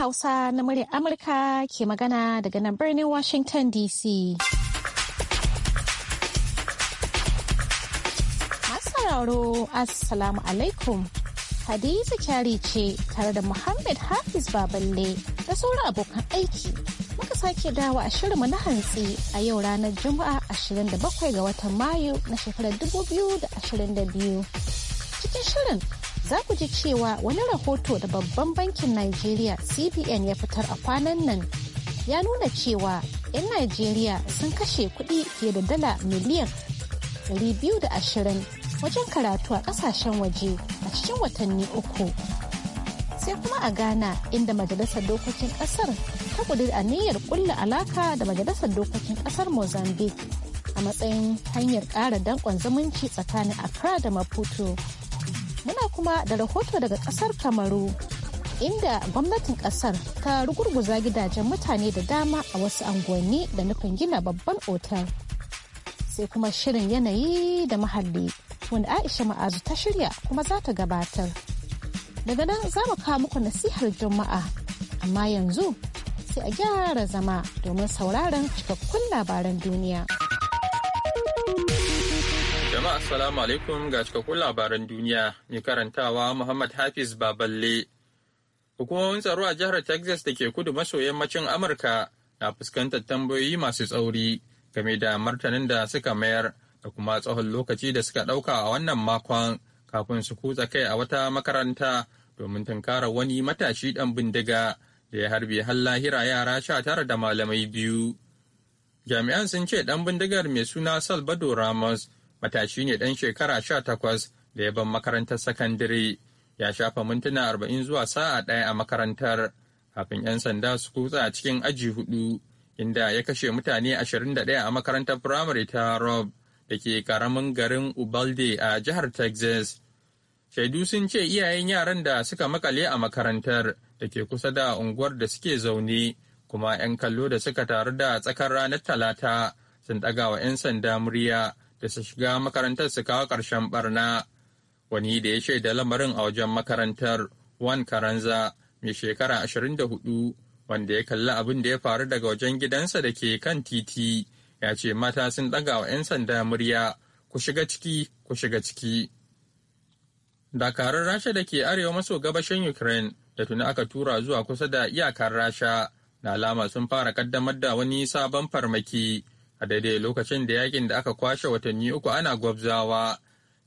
Hausa na murya Amurka ke magana daga nan birnin Washington DC. Masararo, Assalamu alaikum. Hadiza kyari ce tare da Muhammad Hafiz Baballe da sauran abokan aiki. Muka sake dawa a shirinmu na hantsi a yau ranar Juma'a 27 ga watan Mayu na shekarar 2022. Cikin shirin za ku ji cewa wani rahoto da babban bankin Najeriya CBN ya fitar a kwanan nan ya nuna cewa 'yan Najeriya sun kashe kuɗi fiye da dala miliyan 220 wajen karatu a ƙasashen waje a cikin watanni uku. Sai kuma a Ghana inda Majalisar Dokokin Ƙasar ta a niyyar ƙulla alaka da Majalisar Dokokin Ƙasar Mozambique a matsayin hanyar ƙara danƙon zumunci tsakanin Accra da Maputo. muna kuma da rahoto daga kasar kamaru inda gwamnatin kasar ta rugurguza gidajen mutane da dama a wasu unguwanni da nufin gina babban otal sai kuma shirin yanayi da muhalli wanda aisha ma'azu ta shirya kuma za ta gabatar daga nan za mu kawo muku nasihar juma'a amma yanzu sai a gyara zama domin sauraron cikakkun labaran duniya. Jama'a assalamu alaikum ga cikakkun labaran duniya mai karantawa Muhammad Hafiz Baballe. Hukumomin tsaro a jihar Texas da ke kudu maso yammacin Amurka na fuskantar tambayoyi masu tsauri game da martanin da suka mayar da kuma tsawon lokaci da suka ɗauka a wannan makon kafin su kutsa kai a wata makaranta domin tunkara wani matashi ɗan bindiga da ya harbe har lahira yara sha tara da malamai biyu. Jami'an sun ce ɗan bindigar mai suna Salvador Ramos matashi ne ɗan shekara sha takwas da ya ban makarantar sakandare ya shafa mintuna arba'in zuwa sa'a ɗaya a makarantar kafin 'yan sanda su kutsa a cikin aji hudu inda ya kashe mutane ashirin da ɗaya a makarantar firamare ta rob da ke karamin garin ubalde a jihar texas shaidu sun ce iyayen yaran da suka makale a makarantar da ke kusa da unguwar da suke zaune kuma 'yan kallo da suka taru da tsakar ranar talata sun ɗaga wa 'yan sanda murya da su shiga makarantar su kawo ƙarshen barna wani da ya shaida lamarin a wajen makarantar wan karanza mai shekara 24 wanda ya kalli abin da ya faru daga wajen gidansa da ke kan titi ya ce mata sun ɗaga wa 'yan sanda murya ku shiga ciki ku shiga ciki dakarun rasha da ke arewa maso gabashin ukraine da tuni aka tura zuwa kusa da iyakar rasha da alama sun fara kaddamar da wani sabon farmaki a daidai lokacin da yakin da aka kwashe watanni uku ana gwabzawa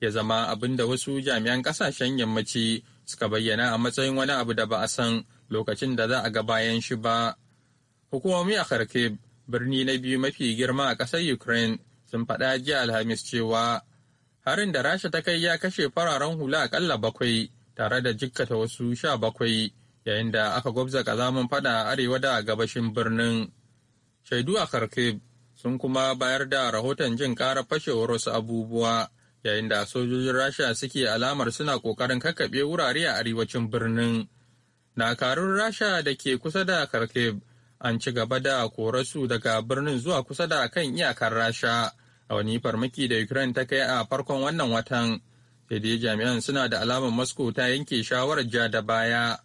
ya zama abin da wasu jami'an kasashen yammaci suka bayyana a matsayin wani abu da ba a san lokacin da za a ga bayan shi ba. Hukumomi a Kharkiv, birni na biyu mafi girma a ƙasar Ukraine, sun faɗa jiya Alhamis cewa harin da Rasha ta kai ya kashe fararen hula aƙalla bakwai tare da jikkata wasu sha bakwai yayin da aka gwabza ƙazamin faɗa arewa da gabashin birnin. Shaidu a Kharkiv sun kuma bayar da rahoton jin ƙara fashewar wasu abubuwa yayin da sojojin rasha suke alamar suna kokarin kakkaɓe wurare a arewacin birnin dakarun rasha da ke kusa da kharkiv an ci gaba da korasu daga birnin zuwa kusa da kan iyakar rasha a wani farmaki da ukraine ta kai a farkon wannan watan sai jami'an suna da alamar moscow ta yanke shawarar ja da baya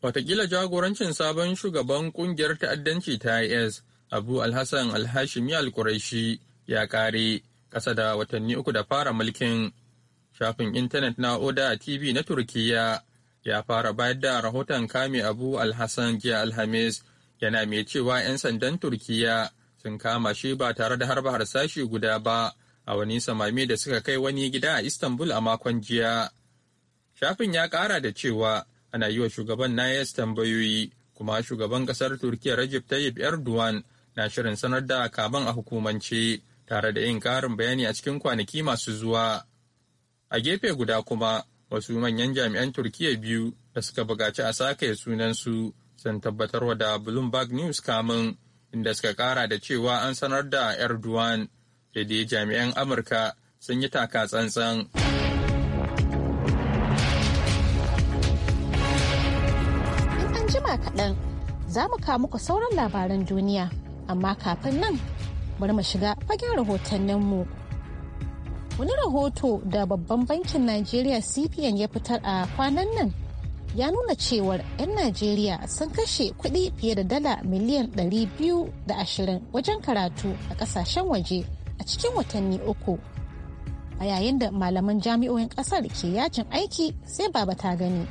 watakila jagorancin sabon shugaban kungiyar ta'addanci ta is abu alhassan alhashimi alkuraishi ya kare ƙasa da watanni uku da fara mulkin shafin intanet na oda tv na turkiyya ya fara bayar da rahoton kame abu alhassan jiya alhamis yana mai cewa 'yan sandan turkiyya sun kama shi ba tare da harba harsashi guda ba a wani samami da suka kai wani gida a istanbul a makon jiya shafin ya kara da cewa ana yi wa shugaban nayas tambayoyi kuma shugaban kasar turkiyya rajib tayyip erdogan na shirin sanar da kaban a hukumance tare da yin karin bayani a cikin kwanaki masu zuwa. A gefe guda kuma wasu manyan jami'an Turkiyya biyu da suka bugaci a sake sunansu sun tabbatarwa da Bloomberg News kamun inda suka kara da cewa an sanar da Erdogan da dai jami'an Amurka sun yi taka tsantsan. In anjima kaɗan za mu kawo muku sauran labaran duniya amma kafin nan bari mu shiga fagen mu wani rahoto da babban bankin najeriya cbn ya fitar a kwanan nan ya nuna cewar 'yan najeriya sun kashe kuɗi fiye da dala miliyan 220 wajen karatu a ƙasashen waje a cikin watanni uku a yayin da malaman jami'o'in ƙasar ke yajin aiki sai baba ta gani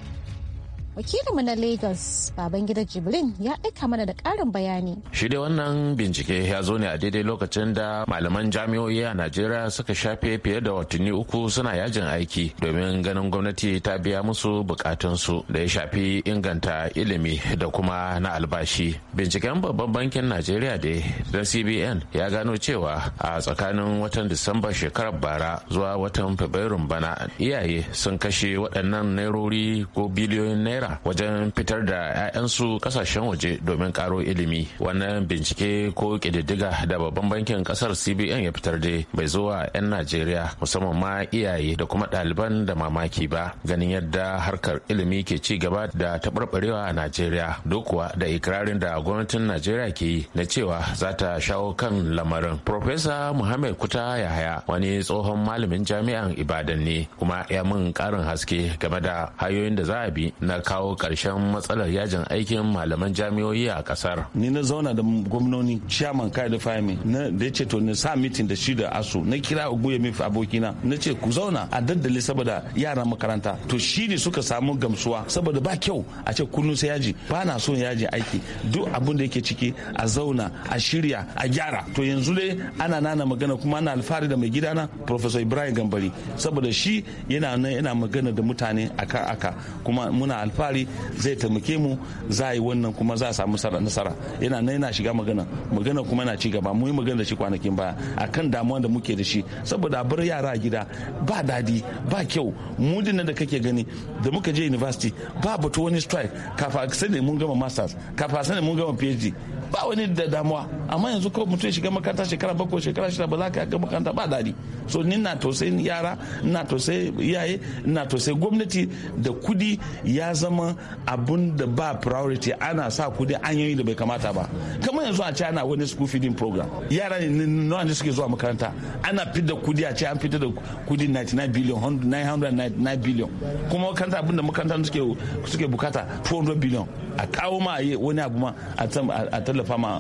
wakilinmu na lagos babangida jibrin ya aika mana da karin bayani shi dai wannan bincike ya zo ne a daidai lokacin da malaman jami'o'i a najeriya suka shafe fiye da watanni uku suna yajin aiki domin ganin gwamnati ta biya musu bukatunsu da ya shafi inganta ilimi da kuma na albashi binciken babban bankin najeriya da na cbn ya gano cewa a tsakanin watan disamba shekarar bara zuwa watan fabrairun bana iyaye sun kashe waɗannan nairori ko biliyoyin naira wajen fitar da 'ya'yansu kasashen waje domin karo ilimi wannan bincike ko ƙididdiga da babban bankin kasar cbn ya fitar da bai zo a 'yan najeriya musamman ma iyaye da kuma ɗaliban da mamaki ba ganin yadda harkar ilimi ke ci gaba da taɓarɓarewa a najeriya dokuwa da ikirarin da gwamnatin najeriya ke yi na cewa za ta shawo kan lamarin profesa muhammad kuta yahaya wani tsohon malamin jami'an ibadan ne kuma ya min ƙarin haske game da hanyoyin da za a bi na kawo kawo karshen matsalar yajin aikin malaman jami'o'i a kasar. Ni na zauna da gwamnoni ciyaman kai da fahimi na da ya ce to ni sa mitin da shi da asu na kira uguye min abokina na ce ku zauna a daddale saboda yara makaranta to shi ne suka samu gamsuwa saboda ba kyau a ce kullum sai yaji ba na son yaji aiki duk abin da yake ciki a zauna a shirya a gyara to yanzu dai ana nana magana kuma ana alfahari da mai gidana professor ibrahim gambari saboda shi yana nan yana magana da mutane akan aka kuma muna alfahari alfahari zai taimake mu za a yi wannan kuma za a samu nasara yana na yana shiga magana magana kuma yana ci gaba mu yi magana da shi kwanakin baya akan damuwa da muke da shi saboda bar yara gida ba dadi ba kyau mu dinnan da kake gani da muka je university ba batu wani strike kafa sani mun gama masters kafa sani mun gama phd ba wani da damuwa amma yanzu kawai mutum ya shiga makaranta shekara bakwai shekara shida ba za ka ga makaranta ba daɗi so ni na tausayin yara na tausayin iyaye na tausayin gwamnati da kudi ya zama zama abun da ba priority ana sa kudi an yi da bai kamata ba kamar yanzu a ce ana wani school feeding program yara ne nawa ne suke zuwa makaranta ana fidda kudi a ce an fitar da kudi 99 billion 999 billion kuma makaranta abun da makaranta suke suke bukata 400 billion a kawo ma a yi wani abu ma a tallafa ma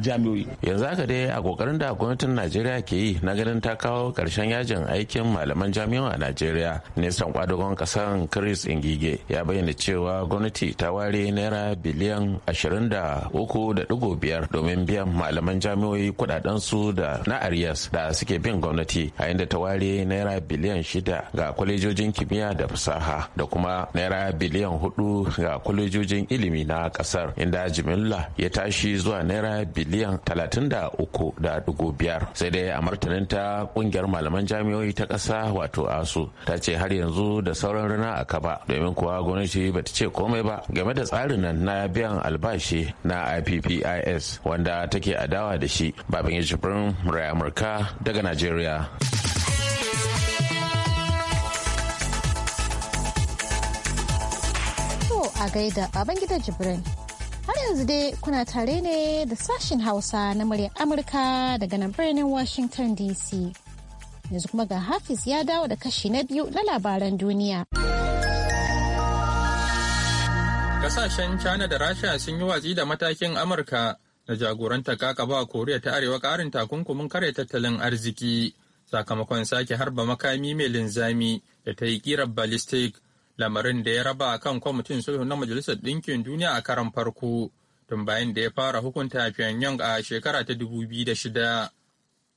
jami'oi yanzu haka dai a kokarin da gwamnatin najeriya ke yi na ganin ta kawo karshen yajin aikin malaman jami'a a najeriya nisan kwadagon kasan chris ingige ya bayyana cewa cewa gwamnati ta ware naira biliyan 23.5 domin biyan malaman jami'oi kudaden su da na arias da suke bin gwamnati a inda ta ware naira biliyan 6 ga kwalejojin kimiyya da fasaha da kuma naira biliyan 4 ga kwalejojin ilimi na kasar inda jimilla ya tashi zuwa naira biliyan 33.5 sai dai a martanin ta kungiyar malaman jami'oi ta kasa wato asu ta ce har yanzu da sauran rana a kaba domin kuwa gwamnati ba ta ce komai ba game da tsarin nan na biyan albashi na ippis wanda take adawa da shi babin jibrin murai amurka daga najeriya a gaida baban gidan jibrin har yanzu dai kuna tare ne da sashin hausa na murya amurka daga nan birnin washington dc yanzu kuma ga hafiz ya dawo da kashi na biyu na labaran duniya. Kasashen China da Rasha sun yi watsi da matakin Amurka na jagoranta kakaba Koriya ta Arewa karin takunkumin kare tattalin arziki sakamakon sake harba makami mai linzami da ta yi kirar ballistic lamarin da ya raba kan kwamitin sulhu na Majalisar Ɗinkin Duniya a karan farko tun bayan da ya fara hukunta Pyongyang a shekara ta 2006.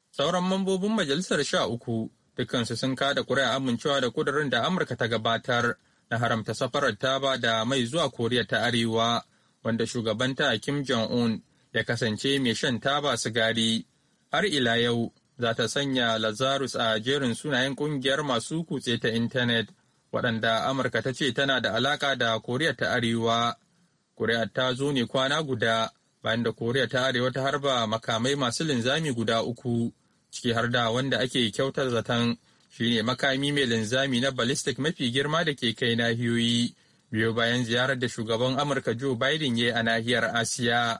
Sauran mambobin majalisar sha uku dukansu sun kada kuri'a amincewa da kudurin da Amurka ta gabatar na haramta safarar taba da mai zuwa koriya ta arewa wanda shugabanta kim jong-un ya kasance mai shan taba sigari har ila yau za ta sanya lazarus a jerin sunayen kungiyar masu kutse ta intanet waɗanda amurka ta ce tana da alaƙa da koriya ta arewa koriya ta zo ne kwana guda bayan da koriya ta arewa ta harba makamai masu linzami guda uku ciki har da wanda ake kyautar zaton shine makami mai linzami na ballistic mafi girma da ke kai nahiyoyi biyo bayan ziyarar da shugaban amurka joe biden ya a nahiyar asiya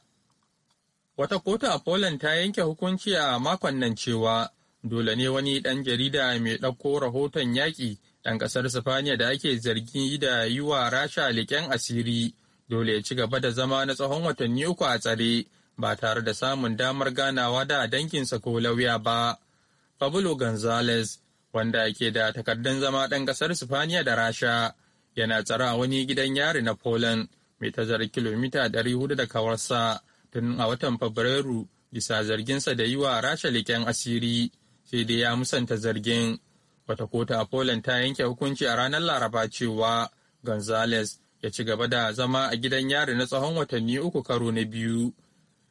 wata kotu a poland ta yanke hukunci a makon nan cewa dole ne wani dan jarida mai ɗauko rahoton yaƙi ɗan ƙasar sifaniya da ake zargi da yi wa rasha leƙen asiri dole ya ci gaba da zama na tsawon watanni uku a tsare ba tare da samun damar ganawa da danginsa ko lauya ba. Pablo Gonzalez wanda ke da takardun zama ɗan ƙasar Sifaniya da Rasha, yana tsara wani gidan yari na Poland mai tazarar kilomita 400 da kawarsa tun a watan Fabrairu bisa zarginsa da yi wa Rasha leƙen asiri, sai dai ya musanta zargin. Wata kota a Poland ta yanke hukunci a ranar Laraba cewa Gonzales ya ci gaba da zama a gidan yari na tsawon watanni uku karo na biyu.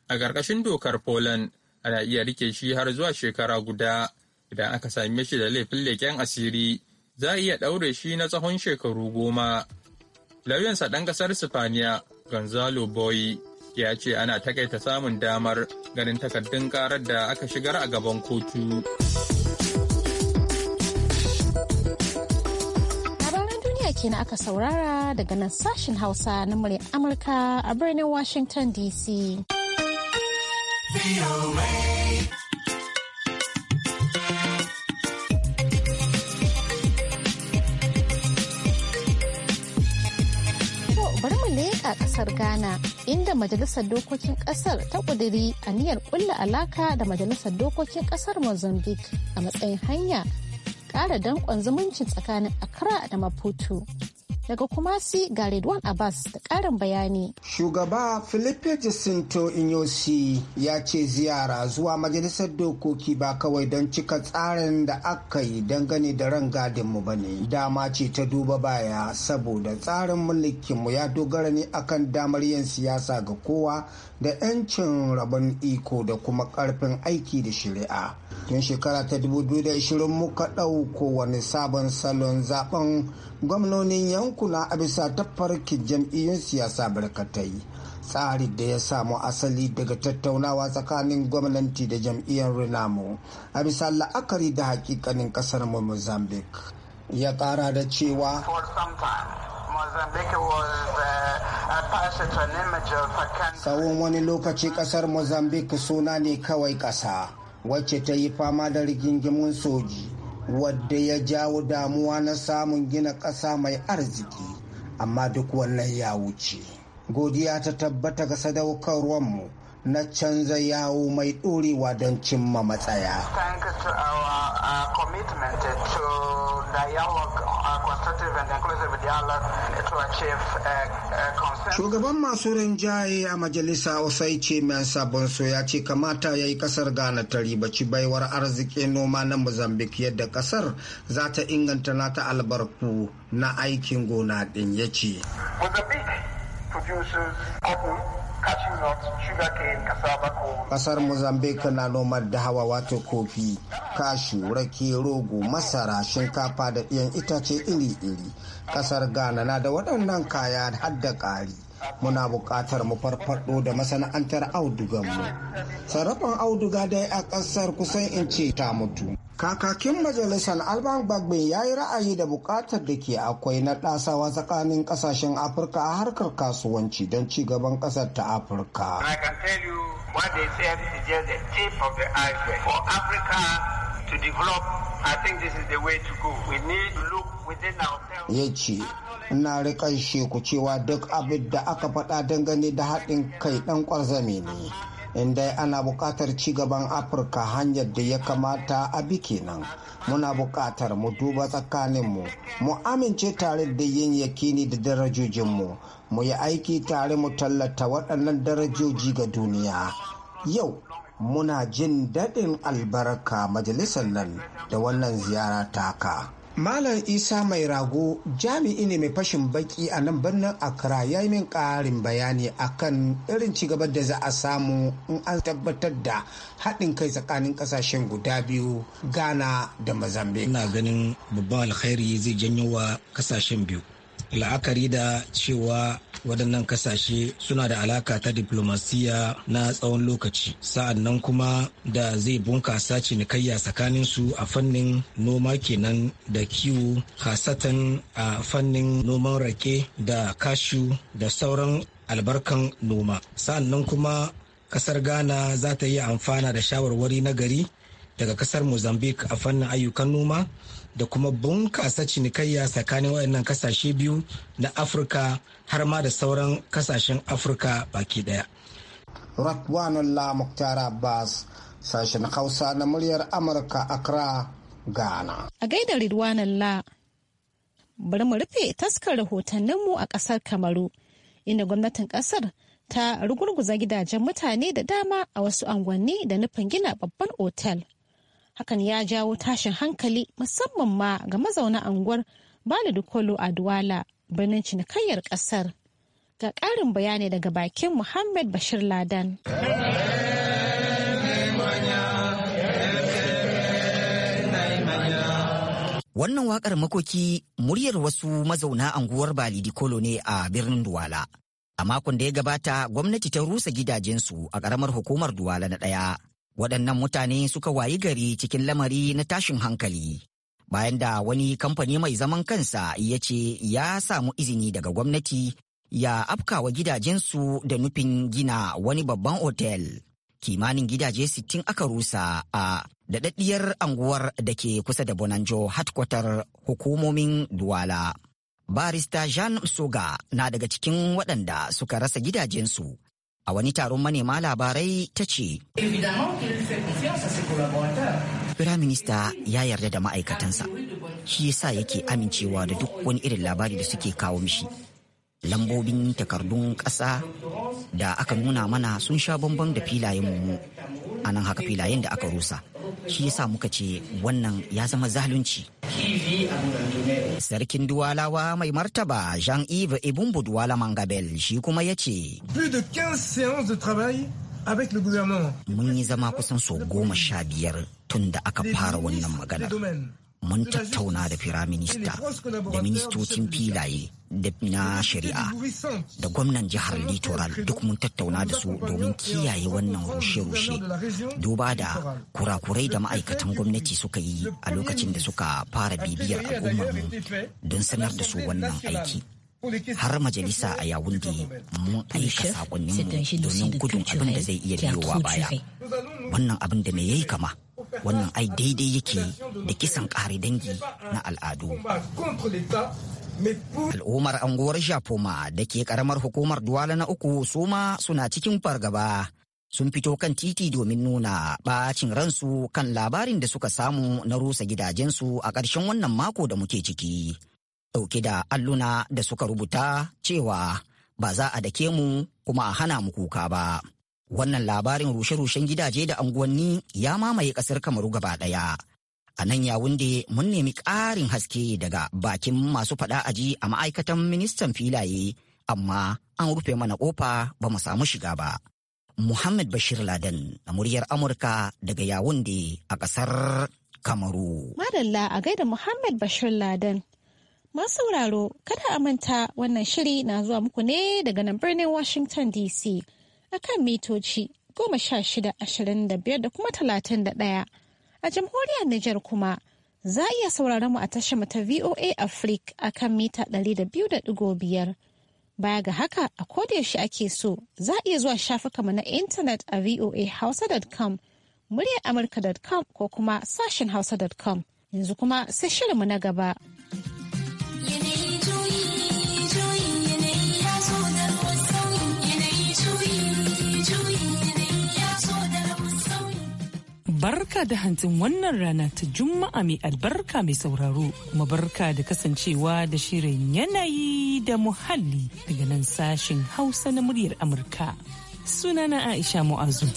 A ƙarƙashin dokar Poland, ana iya rike shi har zuwa shekara guda. idan aka same shi da laifin leƙen asiri za a iya ɗaure shi na tsawon shekaru goma. Lauyansa ɗan ƙasar Sifaniya Gonzalo Boyi ya ce ana takaita samun damar ganin takardun ƙarar da aka shigar a gaban kotu. Labaran duniya aka saurara daga nan sashen Hausa na muryar Amurka a birnin Washington DC. kasar Ghana, inda Majalisar Dokokin kasar ta ƙudiri niyyar ƙulla alaka da Majalisar Dokokin kasar Mozambique a matsayin hanya ƙara danƙon zumuncin tsakanin Accra da Maputo. Daga Kumasi ga Redwan Abbas da ƙarin bayani. Shugaba Filipe Jacinto Inyosi ya ce ziyara zuwa majalisar dokoki ba kawai don cika tsarin da aka yi dangane da rangadinmu ba ne. Dama ce ta duba baya saboda tsarin mulkinmu ya dogara ne akan damar yin siyasa ga kowa da 'yancin rabon iko da kuma ƙarfin aiki da shari'a. tun shekara ta 2020 muka ɗauko wani sabon salon zaben gwamnonin yankuna a bisa tafarkin jam'iyyun siyasa barkatai tsari da ya samu asali daga tattaunawa tsakanin gwamnati da jam'iyyar renamo a bisa la'akari da hakikanin kasar mozambique ya kara da cewa uh, tsawon wani lokaci kasar mozambique suna ne kawai ƙasa. wacce ta yi fama da rigingimun soji wadda ya jawo damuwa na samun gina ƙasa mai arziki amma duk wannan ya wuce godiya ta tabbata ga mu na canza yawo mai ɗorewa don cimma matsaya. Shugaban masu rinjaye a majalisa Osai ce mai sabon so ya ce kamata ya yi kasar Ghana ta ribaci baiwar arzikin noma na Mozambique yadda kasar za ta inganta nata albarku na aikin gona ɗin ya ce. Mozambique produces Kasar Mozambique na nomar da hawa wato kofi, kashu, rake, rogo, masara, shinkafa da ɗiyan itace iri-iri. Kasar Ghana na da waɗannan kaya har da ƙari. muna buƙatar mu farfaɗo da masana'antar mu. sarrafin auduga dai a ƙasar kusan in ce ta mutu kakakin majalisar alban gbagbe ya yi ra'ayi da buƙatar da ke akwai na ɗasawa tsakanin ƙasashen afirka a harkar kasuwanci don ci gaban ƙasar ta afirka ya ce na rikan sheku cewa duk abin da aka faɗa dangane da haɗin kai ɗan ƙwarzame ne inda ana buƙatar cigaban afirka hanyar da ya kamata a bi kenan muna buƙatar mu duba tsakaninmu mu amince tare da yin yakini da darajojinmu mu yi aiki tare mu tallata waɗannan darajoji ga duniya yau muna jin daɗin albarka majalisar nan da wannan ziyara taka. Malam Isa Mai Rago jami'i ne mai fashin baki a nan birnin Accra ya yi min ƙarin bayani akan irin cigaban da za a samu in an tabbatar da haɗin kai tsakanin ƙasashen guda biyu Ghana da Mozambique. Ina ganin babban alkhairi zai janyo wa ƙasashen biyu. la'akari da cewa waɗannan kasashe suna da alaka ta diplomasiya na tsawon lokaci sa'an nan kuma da zai bunkasa cinikayya tsakanin su a fannin noma kenan da kiwo hasatan a fannin noman rake da kashu da sauran albarkan noma sa'an nan kuma ƙasar ghana za ta yi amfana da shawarwari na gari daga kasar mozambique a fannin ayyukan noma da kuma bunkasa cinikayya tsakanin waɗannan kasashe biyu na afirka har ma da sauran kasashen afirka baki daya ratwanullah muktar abbas sashen hausa na muryar amurka accra ghana a gaida ridwanullah bari mu rufe taskar mu a ƙasar kamaru inda gwamnatin ƙasar ta rugurguza gidajen mutane da dama a wasu angwanni da nufin gina babban otal. hakan ya jawo tashin hankali musamman ma ga mazauna anguwar balidukolo a duwala birnin cinikayyar kasar ga ƙarin bayani daga bakin muhammad bashir ladan Wannan waƙar makoki muryar wasu mazauna anguwar Balidikolo ne a birnin Duwala. A makon da ya gabata gwamnati ta rusa gidajensu a ƙaramar hukumar Duwala na ɗaya waɗannan mutane suka wayi gari cikin lamari na tashin hankali bayan da wani kamfani mai zaman kansa ya ce ya samu izini daga gwamnati ya afkawa gidajensu da nufin gina wani babban otel kimanin gidaje 60 aka rusa a daɗaɗɗiyar anguwar da ke kusa da bonanjo hatkwatar hukumomin duwala barista jean soga na daga cikin waɗanda suka rasa gidajensu a wani taron manema labarai ta ce firaminista ya yarda da ma'aikatansa shi yasa yake amincewa da duk wani irin labari da suke kawo mishi lambobin takardun ƙasa da aka nuna mana sun sha bambam da filayen mu a nan haka filayen da aka rusa shi yasa muka ce wannan ya zama zalunci sarkin duwalawa mai martaba jean-yves ibumbu duwala mangabel shi kuma ya ce mun yi zama kusan so goma sha biyar tun da aka fara wannan magana mun tattauna da firaminista da ministocin filaye na shari'a da gwamnan jihar littoral duk mun tattauna da su domin kiyaye wannan rushe-rushe duba da kurakurai da ma'aikatan gwamnati suka yi a lokacin da suka fara bibiyar al'ummarmu don sanar da su wannan aiki har majalisa a yawun da mun aika sakonninmu domin gudun abin da zai iya biyowa baya wannan abin da me yayi kama wannan ai daidai yake da kisan kare dangi na al'adu Al'ummar anguwar Shafoma da ke karamar hukumar Duwala na uku su ma suna cikin fargaba. Sun fito kan titi domin nuna ɓacin ransu kan labarin da suka samu na rusa gidajensu a ƙarshen wannan mako da muke ciki. Ɗauke da alluna da suka rubuta cewa ba za a dake mu kuma a hana mu kuka ba. Wannan labarin rushe-rushen gidaje da unguwanni ya mamaye ƙasar Kamaru gaba ɗaya. A nan ya wunde mun nemi ƙarin haske daga bakin masu faɗa aji a ma'aikatan ministan filaye, amma an rufe mana ƙofa ba mu samu shiga ba. Muhammad Bashir Laden na muryar Amurka daga Yawunde a ƙasar Kamaru. Madalla a gaida Muhammad Bashir Laden. Masu sauraro kada a manta wannan shiri na zuwa muku ne daga nan birnin Washington DC akan mitoci goma sha shida ashirin da biyar da kuma talatin da ɗaya. A jamhuriyar Nijar kuma za a iya sauraron mu a tashar mu ta VOA Africa a kan mita 200.5. Baya ga haka a yaushe ake so za a iya zuwa shafuka mu na intanet a voahausa.com, muryar amurka.com ko kuma sashen hausa.com. Yanzu kuma sai shirinmu na gaba. Barka da hantin wannan rana ta Juma'a mai albarka mai sauraro, kuma barka da kasancewa da shirin yanayi da muhalli daga nan sashen Hausa na muryar Amurka. Sunana Aisha Mu'azu.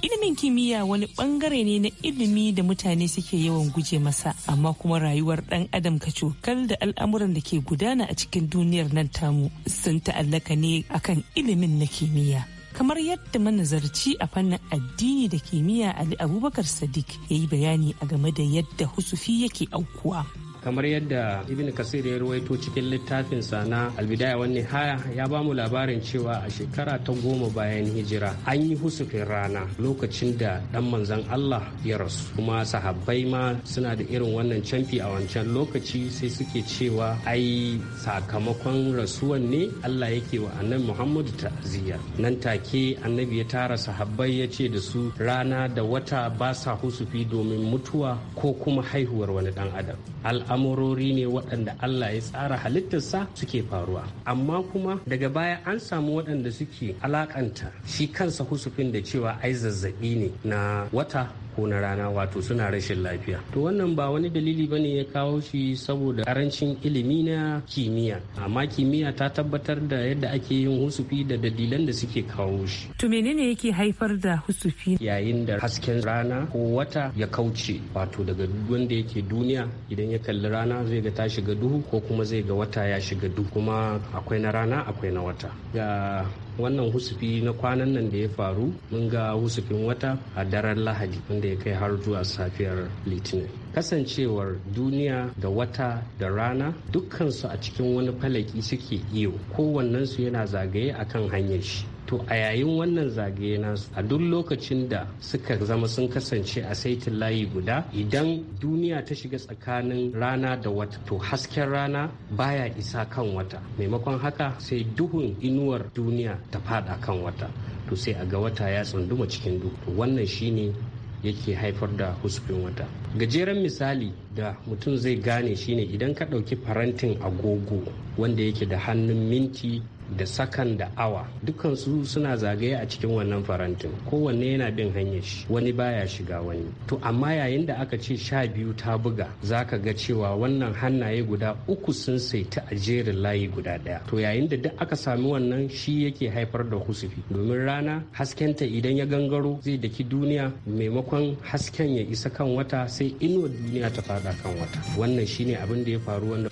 Ilimin kimiyya wani bangare ne na ilimi da mutane suke yawan guje masa, amma kuma rayuwar ɗan adam cokal da al'amuran da ke gudana a cikin duniyar nan tamu sun ta'allaka ne akan ilimin na kimiyya. kamar yadda manazarci a fannin addini da kimiyya Ali Abubakar Sadiq ya yi bayani a game da yadda husufi yake aukuwa. kamar yadda ibn kasir ya ruwaito cikin littafinsa na albidaya wani haya ya ba mu labarin cewa a shekara ta goma bayan hijira an yi husufin rana lokacin da dan manzan allah ya rasu kuma sahabbai ma suna da irin wannan canfi a wancan lokaci sai suke cewa ai sakamakon rasuwan ne allah yake wa annabi muhammadu ta'aziyya nan take annabi ya tara sahabbai ya ce da su rana da wata ba sa husufi domin mutuwa ko kuma haihuwar wani dan adam al'amurori ne waɗanda Allah ya tsara halittarsa suke faruwa amma kuma daga baya an samu waɗanda suke alakanta shi kansa husufin da cewa ai zazzaɓi ne na wata ko na rana wato suna rashin lafiya to wannan ba wani dalili bane ya kawo shi saboda karancin ilimi na kimiyya amma kimiyya ta tabbatar da yadda ake yin husufi da dalilan da suke kawo shi to menene yake haifar da husufi yayin da hasken rana ko wata ya kauce wato daga wanda yake duniya idan ya kalli rana zai ga ta shiga duhu ko kuma zai ga wata ya shiga duhu kuma akwai na rana akwai na wata ga wannan husufi na kwanan nan da ya faru mun ga husufin wata a daren lahadi wanda ya kai har zuwa safiyar litinin kasancewar duniya da wata da rana dukkansu a cikin wani falaki suke iyo kowannensu yana zagaye akan hanyar shi to a yayin wannan zagaye nasu a duk lokacin da suka zama sun kasance a saitin layi guda idan duniya ta shiga tsakanin rana da wata to hasken rana baya isa kan wata maimakon haka sai duhun inuwar duniya ta fada kan wata to sai a ga wata ya tsunduma cikin duhu wannan shine yake haifar da husbin wata gajeren misali da mutum zai gane shine idan ka ɗauki farantin agogo wanda yake da hannun minti da sakan da awa dukansu suna zagaye a cikin wannan farantin kowanne yana bin hanyar shi wani baya shiga wani to amma yayin da aka ce sha biyu ta buga za ka ga cewa wannan hannaye guda uku sun saita a jerin layi guda daya to yayin da duk aka sami wannan shi yake haifar da husufi domin rana haskenta idan ya gangaro zai daki duniya maimakon hasken ya isa kan wata sai inuwa duniya ta fada kan wata wannan shine abin da ya faru wanda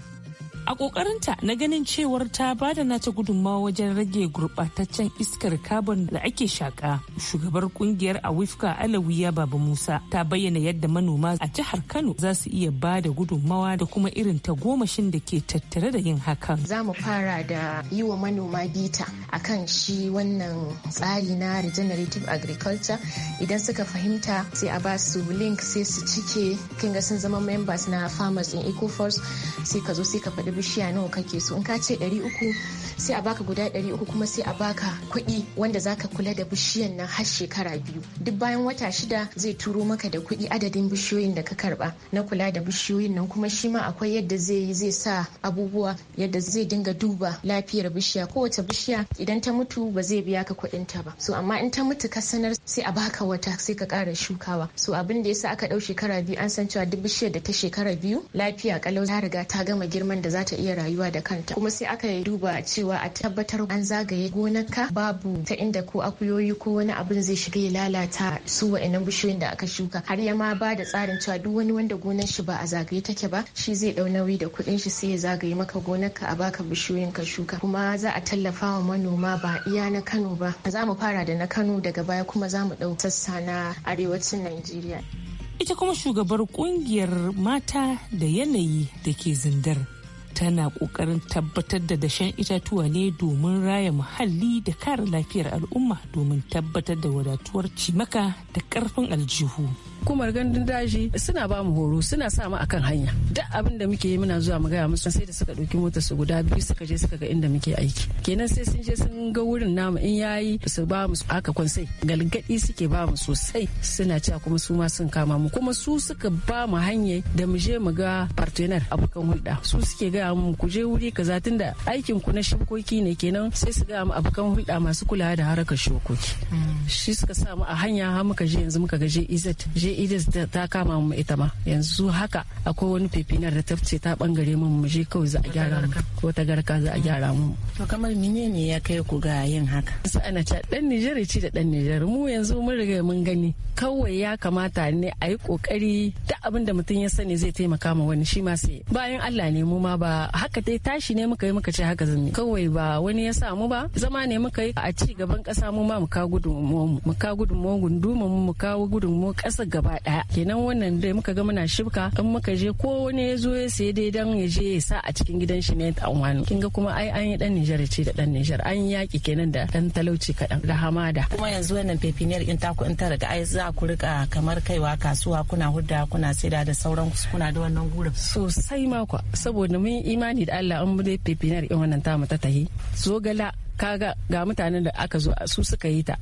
a kokarinta na ganin cewar ta ba da nata gudummawa wajen rage gurbataccen iskar carbon da ake shaka shugabar kungiyar a wifka alawiya baba musa ta bayyana yadda manoma a jihar kano za su iya ba da gudummawa da kuma irin ta gomashin da ke tattare da yin hakan za mu fara da yi wa manoma bita a kan shi wannan tsari na regenerative agriculture idan suka fahimta sai a ba su link sai su cike kinga sun zama members na farmers in ecoforce sai ka zo sai ka faɗi bishiya nawa kake so in ka ce ɗari uku sai a baka guda ɗari uku kuma sai a baka kuɗi wanda zaka kula da bishiyan nan har shekara biyu duk bayan wata shida zai turo maka da kuɗi adadin bishiyoyin da ka karba na kula da bishiyoyin nan kuma shi ma akwai yadda zai yi zai sa abubuwa yadda zai dinga duba lafiyar bishiya kowace bishiya idan ta mutu ba zai biya ka kuɗin ta ba so amma in ta mutu ka sanar sai a baka wata sai ka ƙara shukawa so abin da yasa aka ɗau shekara biyu an san cewa duk bishiyar da ta shekara biyu lafiya kalau ta riga ta gama girman da za ta iya rayuwa da kanta kuma sai aka duba cewa a tabbatar an zagaye gonarka babu ta inda ko akuyoyi ko wani abin zai shiga ya lalata su wa'annan bishiyoyin da aka shuka har ya ma ba da tsarin cewa duk wani wanda gonar shi ba a zagaye take ba shi zai dau nauyi da kuɗin shi sai ya zagaye maka gonarka a baka bishiyoyin ka shuka kuma za a tallafa wa manoma ba iya na Kano ba za mu fara da na Kano daga baya kuma za mu dau sassa na arewacin Najeriya ita kuma shugabar kungiyar mata da yanayi da ke zindar tana kokarin tabbatar da dashen itatuwa ne domin raya muhalli da kare lafiyar al'umma domin tabbatar da wadatuwar cimaka da karfin aljihu hukumar gandun daji suna ba mu horo suna sa mu akan hanya duk abin da muke yi muna zuwa mu gaya musu sai da suka ɗauki mota su guda biyu suka je suka ga inda muke aiki kenan sai sun je sun ga wurin namu in yayi su ba mu aka kwansai galgadi suke ba mu sosai suna cewa kuma su ma sun kama mu kuma su suka ba mu hanya da mu je mu ga partner abokan hulɗa su suke ga gaya mu ku je wuri kaza tunda aikin ku na shukoki ne kenan sai su gaya mu abokan hulɗa masu kula da harkar shukoki shi suka sa mu a hanya har muka je yanzu muka ga je izet je izet ta kama mu ita ma yanzu haka akwai wani pepinar da ta fice ta bangare mu mu je kawai za a gyara mu ko ta garka za a gyara mu to kamar menene ya kai ku ga yin haka sai ana ta dan Nijar ce da dan Nijar mu yanzu mun riga mun gani kawai ya kamata ne a yi kokari duk abin da mutum ya sani zai taimaka ma wani shi ma sai bayan Allah ne mu ma ba haka dai tashi ne muka yi muka ce haka zan kawai ba wani ya mu ba zama ne muka yi a ci gaban kasa mu ma mu ka gudun mu gunduma mu gudun mu kasa gaba daya kenan wannan dai muka ga muna shibka in muka je ko wani ya zo ya sai dai dan ya je ya sa a cikin gidan shi ne an wani kin ga kuma ai an yi dan Nijar ce da dan Nijar an yaki kenan da dan talauci kadan da hamada kuma yanzu wannan pepiniyar in ta taku in ta riga ai za ku rika kamar kaiwa kasuwa kuna hudda kuna saida da sauran kuna da wannan gurin sosai ma ku saboda mun imani da Allah an bude pepinar in wannan tamu ta tahi zogala kaga ga mutanen da aka zo su suka yi ta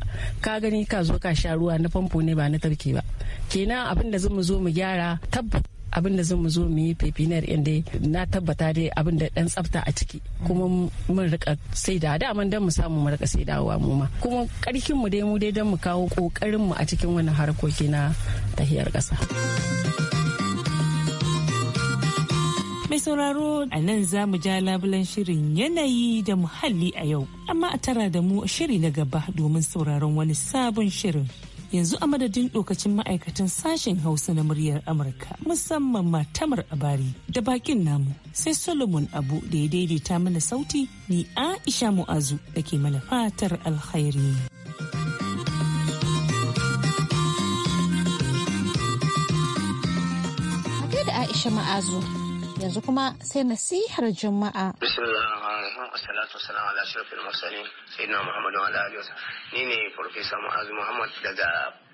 ka gani ka zo ka sha ruwa na famfo ne ba na tarki ba kenan abin da zan mu zo mu gyara tabbata abin da zan mu zo mu yi pepinar in dai na tabbata dai abin da dan tsafta a ciki kuma mun rika sai da daman dan mu samu mu rika sai dawowa mu ma kuma karkin mu dai mu dai dan mu kawo kokarin mu a cikin wannan harkoki na tahiyar kasa Mai sauraro a nan za mu ja labulan shirin yanayi da muhalli a yau. Amma a tara da mu shiri na gaba domin sauraron wani sabon shirin. Yanzu a madadin dokacin ma'aikatan sashen Hausa na muryar Amurka musamman matamar abari da bakin namu sai Solomon Abu da ya daidaita mana sauti ni Aisha Mu'azu da ke mana fatar alkhairi. da Aisha Ma'azu yanzu kuma sai nasihar juma'a salatu wassalamu ala ashrafil mursalin sayyidina muhammadu wa alihi ni ne professor mu'azu muhammad daga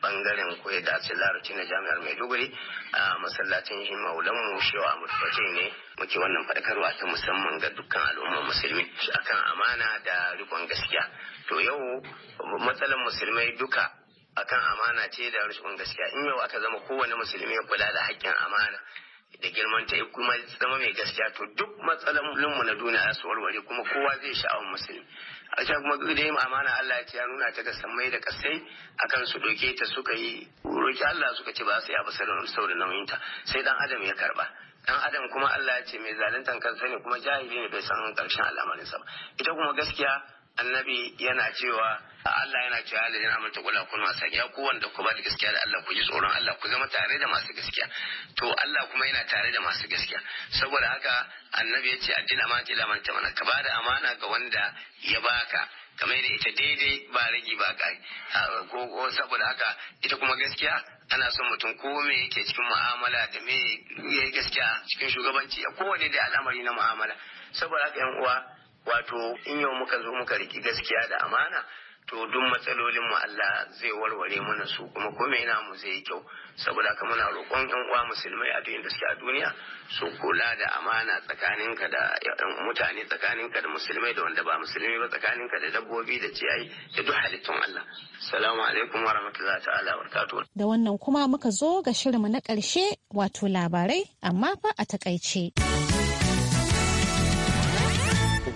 bangaren koyar da ce larabci na jami'ar maiduguri a masallacin shi maulanmu shewa mutface ne muke wannan faɗakarwa ta musamman ga dukkan al'ummar musulmi akan amana da rikon gaskiya to yau matsalan musulmai duka akan amana ce da rikon gaskiya in yau aka zama kowane musulmi ya kula da haƙƙin amana da girman ta kuma zama mai gaskiya to duk matsalolin mu na duniya su warware kuma kowa zai sha'awar musulmi a cikin kuma duk da yin amana Allah ya ya nuna ta ga samai da kasai akan su doke ta suka yi roki Allah suka ce ba su yi abu saboda nauyin ta sai dan adam ya karba dan adam kuma Allah ya ce mai zaluntar kansa ne kuma jahili ne bai san karshen al'amarin sa ita kuma gaskiya annabi yana cewa Allah yana cewa da yana amince kula kun wasa ya ku wanda ku ba da gaskiya da Allah ku ji tsoron Allah ku zama tare da masu gaskiya to Allah kuma yana tare da masu gaskiya saboda haka annabi ya ce addina ma ila man tamana ka ba da amana ga wanda ya baka kamar da ita daidai ba ragi ba kai ko saboda haka ita kuma gaskiya ana son mutum ko me yake cikin mu'amala da me yake gaskiya cikin shugabanci a kowane da al'amari na mu'amala saboda haka yan uwa wato in yau muka zo muka riki gaskiya da amana to duk matsalolin mu Allah zai warware mana su kuma kome yana mu zai yi kyau saboda kuma na roƙon yan uwa musulmai a duk suke a duniya su kula da amana tsakaninka da mutane tsakaninka da musulmai da wanda ba musulmi ba ka da dabbobi da ciyayi da duk halittun Allah assalamu alaikum wa rahmatullahi ta'ala wa da wannan kuma muka zo ga shirin na ƙarshe wato labarai amma fa a takaice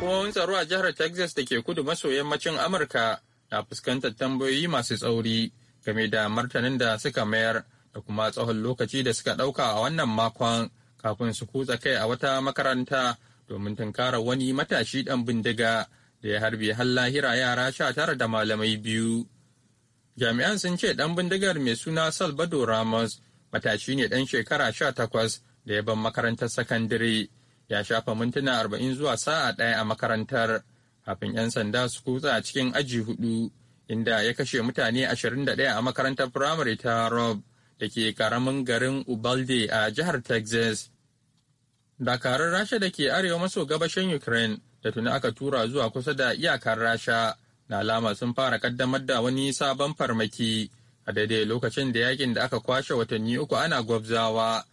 Hukumomin tsaro a jihar Texas da ke kudu maso yammacin Amurka na fuskantar tambayoyi masu tsauri game da martanin da suka mayar da kuma tsawon lokaci da suka ɗauka a wannan makon kafin su kutsa kai a wata makaranta domin tunkara wani matashi ɗan bindiga da ya harbi har lahira yara sha tara da malamai biyu. Jami'an sun ce ɗan bindigar mai suna Salvador Ramos matashi ne ɗan shekara sha takwas da ya ban makarantar sakandare. ya shafa mintuna arba'in zuwa sa'a ɗaya a makarantar kafin 'yan sanda su kutsa a cikin aji hudu inda ya kashe mutane ashirin da 21 a makarantar firamare ta rob da ke karamin garin ubalde a jihar texas dakarun rasha da ke arewa maso gabashin ukraine da tuni aka tura zuwa kusa da iyakar rasha na alama sun fara kaddamar da wani sabon farmaki a daidai lokacin da yakin da aka kwashe watanni uku ana gwabzawa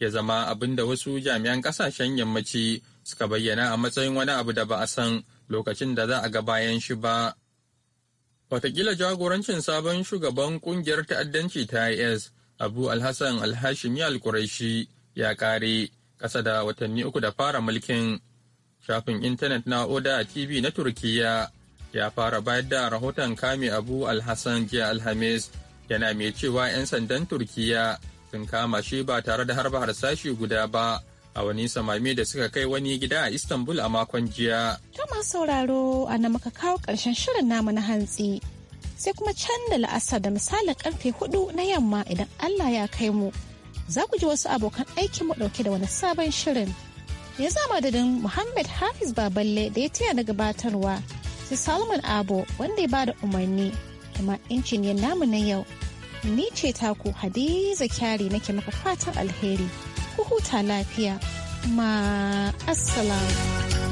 ya zama abin da wasu jami'an kasashen yammaci suka bayyana a matsayin wani abu da ba a san lokacin da za a ga bayan shi ba. Watakila jagorancin sabon shugaban kungiyar ta'addanci ta IS Abu Alhassan Alhashimi kuraishi ya kare ƙasa da watanni uku da fara mulkin. Shafin intanet na Oda TV na Turkiyya ya fara bayar da rahoton kame Abu Alhassan jiya Alhamis yana mai cewa 'yan sandan Turkiyya sun kama shi ba tare da harba harsashi guda ba a wani samami da suka kai wani gida a istanbul a makon jiya to masu sauraro a na muka kawo karshen shirin namu na hantsi sai kuma can da la'asa da misalin karfe hudu na yamma idan allah ya kai mu za ku ji wasu abokan aikin mu dauke da wani sabon shirin ya zama madadin muhammad hafiz baballe da ya taya na gabatarwa sai salman abo wanda ya bada umarni da ma injiniyan namu na yau Ni ce taku Hadiza Kyari nake maka fatan alheri. Ku huta lafiya. Ma assalamu.